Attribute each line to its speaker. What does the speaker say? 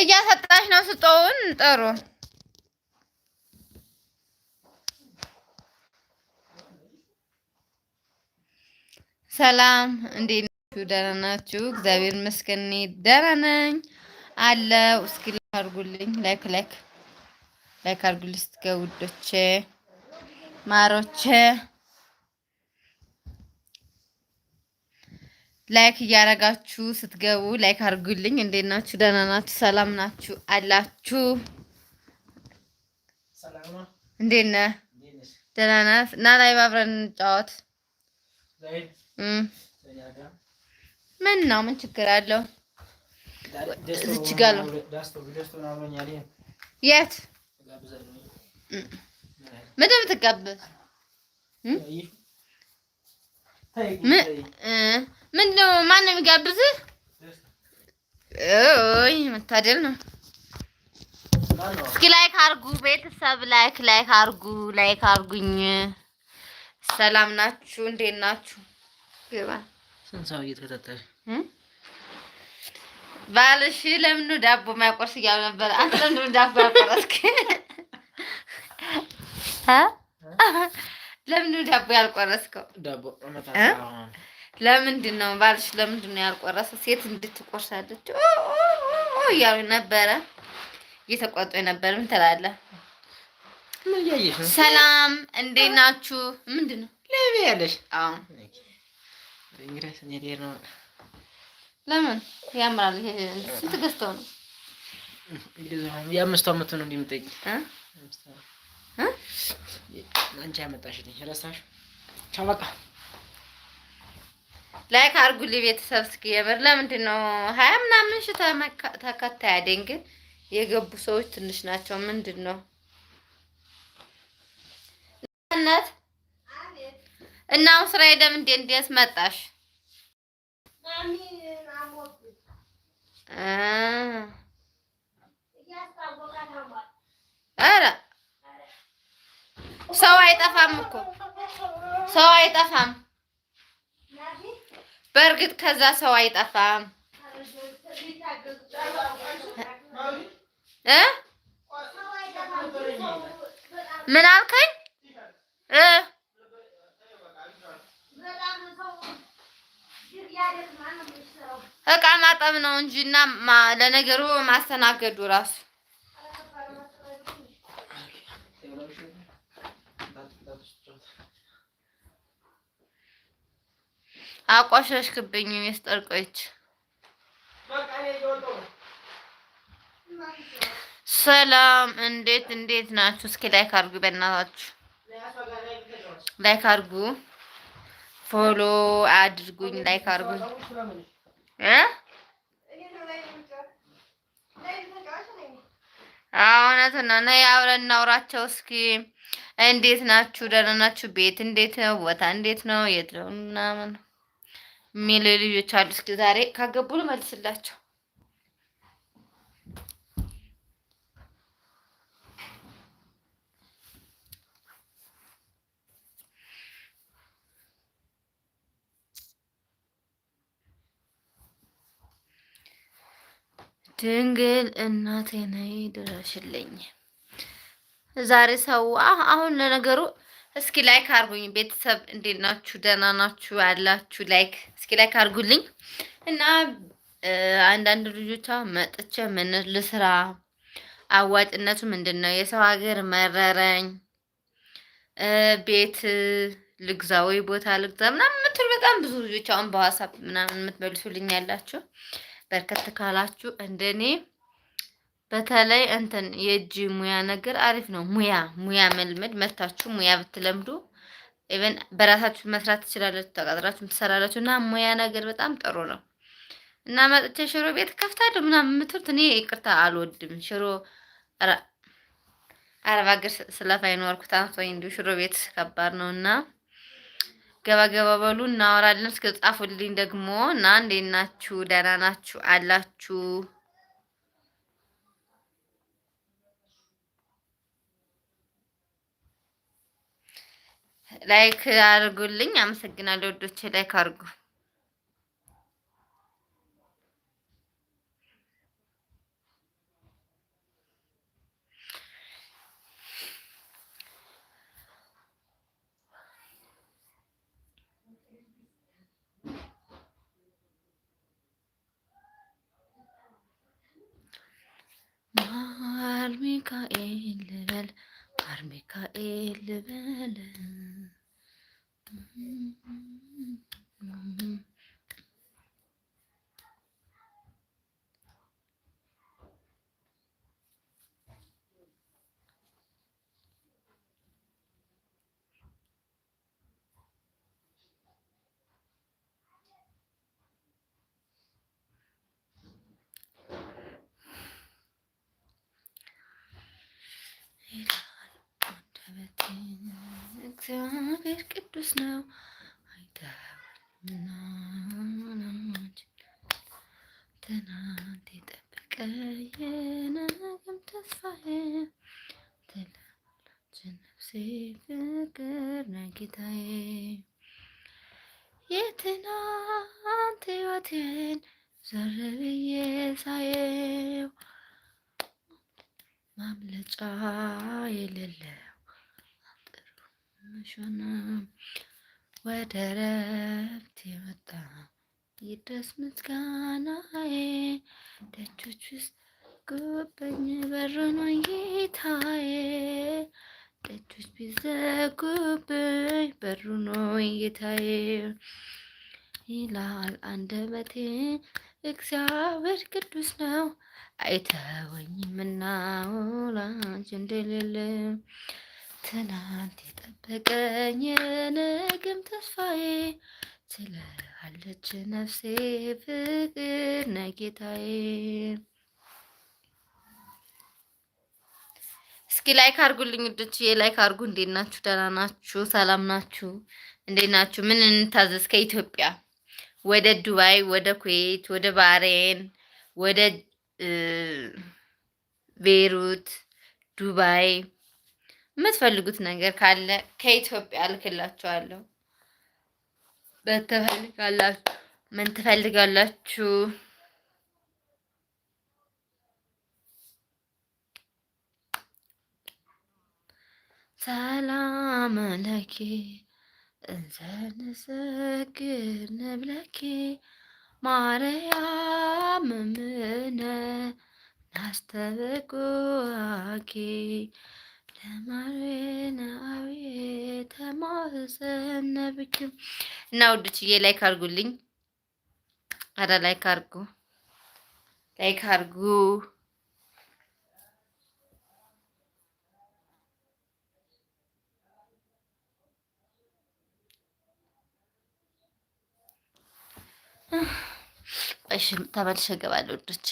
Speaker 1: እያሰጣች ነው። ስጦውን ጥሩ ሰላም፣ እንዴት ናችሁ? ደህና ናችሁ? እግዚአብሔር ይመስገን ደህና ነኝ አለው። እስኪ ላይክ አድርጉልኝ፣ ላይክ ላይክ ላይክ አድርጉልኝ ስትገቡ ውዶቼ ማሮቼ ላይክ እያረጋችሁ ስትገቡ ላይክ አድርጉልኝ። እንዴት ናችሁ? ደህና ናችሁ? ሰላም ናችሁ አላችሁ? እንዴት ነህ? ደህና ናት እና ላይ አብረን እንጫወት። ምን ነው ምን ችግር አለው?
Speaker 2: እዚች ጋ ነው።
Speaker 1: የት ምንድን ነው ምንድነው? ነው የሚጋብዝህ? ኦይ መታደል ነው። እስኪ ላይክ አርጉ ቤተሰብ፣ ላይክ ላይክ አርጉ ላይክ አርጉኝ። ሰላም ናችሁ? እንዴት ናችሁ?
Speaker 2: ግባ ሰንሳው እየተከታተለ
Speaker 1: ባልሽ ለምን ዳቦ ማይቆርስ እያሉ ነበር። አንተ ዳቦ ያቆረስክ? ለምንድን ነው ዳቦ ያልቆረስከው? ለምንድን ነው ባልሽ ለምንድን ነው ያልቆረሰው? ሴት እንድትቆርሳለች እያሉ ነበረ እየተቆጡ ነበር። ምን ትላለህ? ሰላም እንዴት ናችሁ? ምንድን
Speaker 2: ነው ያለሽ?
Speaker 1: ለምን ያምራል? ስንት ገዝተው ነው?
Speaker 2: የአምስቱ አመቱ ነው እንዲህ የምጠይቅ አንቺ ያመጣሽልኝ ረሳሽ። ቻው በቃ
Speaker 1: ላይክ አድርጉልኝ ቤተሰብ። እስኪ የምር ለምንድን ነው ሀያ ምናምን ሺህ ተከታይ አደኝ፣ ግን የገቡ ሰዎች ትንሽ ናቸው። ምንድን ነው እናት እና አሁን ስራ ሄደም እንዴ እንዴት መጣሽ? ኧረ ሰው አይጠፋም እኮ ሰው አይጠፋም። በእርግጥ ከዛ ሰው አይጠፋም እ ምን አልከኝ? እቃ ማጠብ ነው እንጂ እና ለነገሩ ማስተናገዱ ራሱ አቋሸሽክብኝ። ሚስጥር ቆይች። ሰላም እንዴት እንዴት ናችሁ? እስኪ ላይክ አድርጉ፣ በእናታችሁ ላይክ አድርጉ፣ ፎሎ አድርጉኝ፣ ላይክ አድርጉ እ እውነት ነው። ነይ አብረን እናውራቸው እስኪ። እንዴት ናችሁ? ደህና ናችሁ? ቤት እንዴት ነው? ቦታ እንዴት ነው? የት ነው ምናምን የሚል ልጆች አሉ። እስኪ ዛሬ ካገቡ ልመልስላቸው። ድንግል እናቴ ነይ ድረሽልኝ። ዛሬ ሰው አሁን ለነገሩ እስኪ ላይክ አርጉኝ ቤተሰብ፣ እንዴት ናችሁ? ደህና ናችሁ ያላችሁ? ላይክ እስኪ ላይክ አርጉልኝ እና አንዳንድ ልጆቿ መጥቼ ምን ልስራ፣ አዋጭነቱ ምንድን ነው? የሰው ሀገር መረረኝ፣ ቤት ልግዛ ወይ ቦታ ልግዛ ምናምን የምትሉ በጣም ብዙ ልጆች አሁን በዋሳብ ምናምን የምትመልሱልኝ ያላችሁ በርከት ካላችሁ እንደኔ በተለይ እንትን የእጅ ሙያ ነገር አሪፍ ነው። ሙያ ሙያ መልመድ መታችሁ ሙያ ብትለምዱ ኢቨን በራሳችሁ መስራት ትችላላችሁ፣ ተቀጥራችሁ ትሰራላችሁ እና ሙያ ነገር በጣም ጥሩ ነው እና መጥቼ ሽሮ ቤት ከፍታለሁ ምናምን የምትሉት እኔ ይቅርታ አልወድም። ሽሮ አረብ ሀገር ስለፋ ይኖርኩት አንሶኝ እንዲሁ ሽሮ ቤት ከባድ ነው እና ገባ ገባ በሉ እናወራለን። እስከ ጻፉልኝ ደግሞ እና እንዴት ናችሁ? ደህና ናችሁ አላችሁ ላይክ አድርጉልኝ። አመሰግናለሁ ወዶቼ፣ ላይክ አድርጉ። ማር ሚካኤል ልበል፣ ማር ሚካኤል ልበል うん。እግዚአብሔር ቅዱስ ነው። ትናንት የጠበቀ የነገም ተስፋዬ ነፍሴ ፍቅር ነው ጌታዬ የትናንት ሕይወቴን ዞር ብዬ ሳየው ማምለጫ ትንሿና ወደ ረፍት የመጣ ይድረስ ምስጋናዬ ደጆች ውስጥ ጎበኝ በሩን ጌታዬ ደጆች ቢዘጉብኝ በሩን ጌታዬ ይላል አንደበቴ እግዚአብሔር ቅዱስ ነው አይተወኝምና ወላጅ እንደሌለም። ትናንት የጠበቀኝ የነገም ተስፋዬ ትለሃለች ነፍሴ ፍቅር ነጌታዬ። እስኪ ላይክ አድርጉልኝ ውዶች፣ ላይክ አርጉ። እንዴት ናችሁ? ደህና ናችሁ? ሰላም ናችሁ? እንዴት ናችሁ? ምን እንታዘዝ? ከኢትዮጵያ ወደ ዱባይ፣ ወደ ኩዌት፣ ወደ ባህሬን፣ ወደ ቤሩት፣ ዱባይ የምትፈልጉት ነገር ካለ ከኢትዮጵያ እልክላችኋለሁ። በተፈልጋላችሁ ምን ትፈልጋላችሁ? ሰላም ለኪ እንዘንሰግድ ንብለኪ ማርያም ምነ ናስተብቁኪ ለማርናዊ ተማዘነብክም እና ውድችዬ ላይክ አድርጉልኝ። አረ ላይክ አድርጉ፣ ላይክ አድርጉ። እሺ ተመልሼ እገባለሁ ውዶቼ።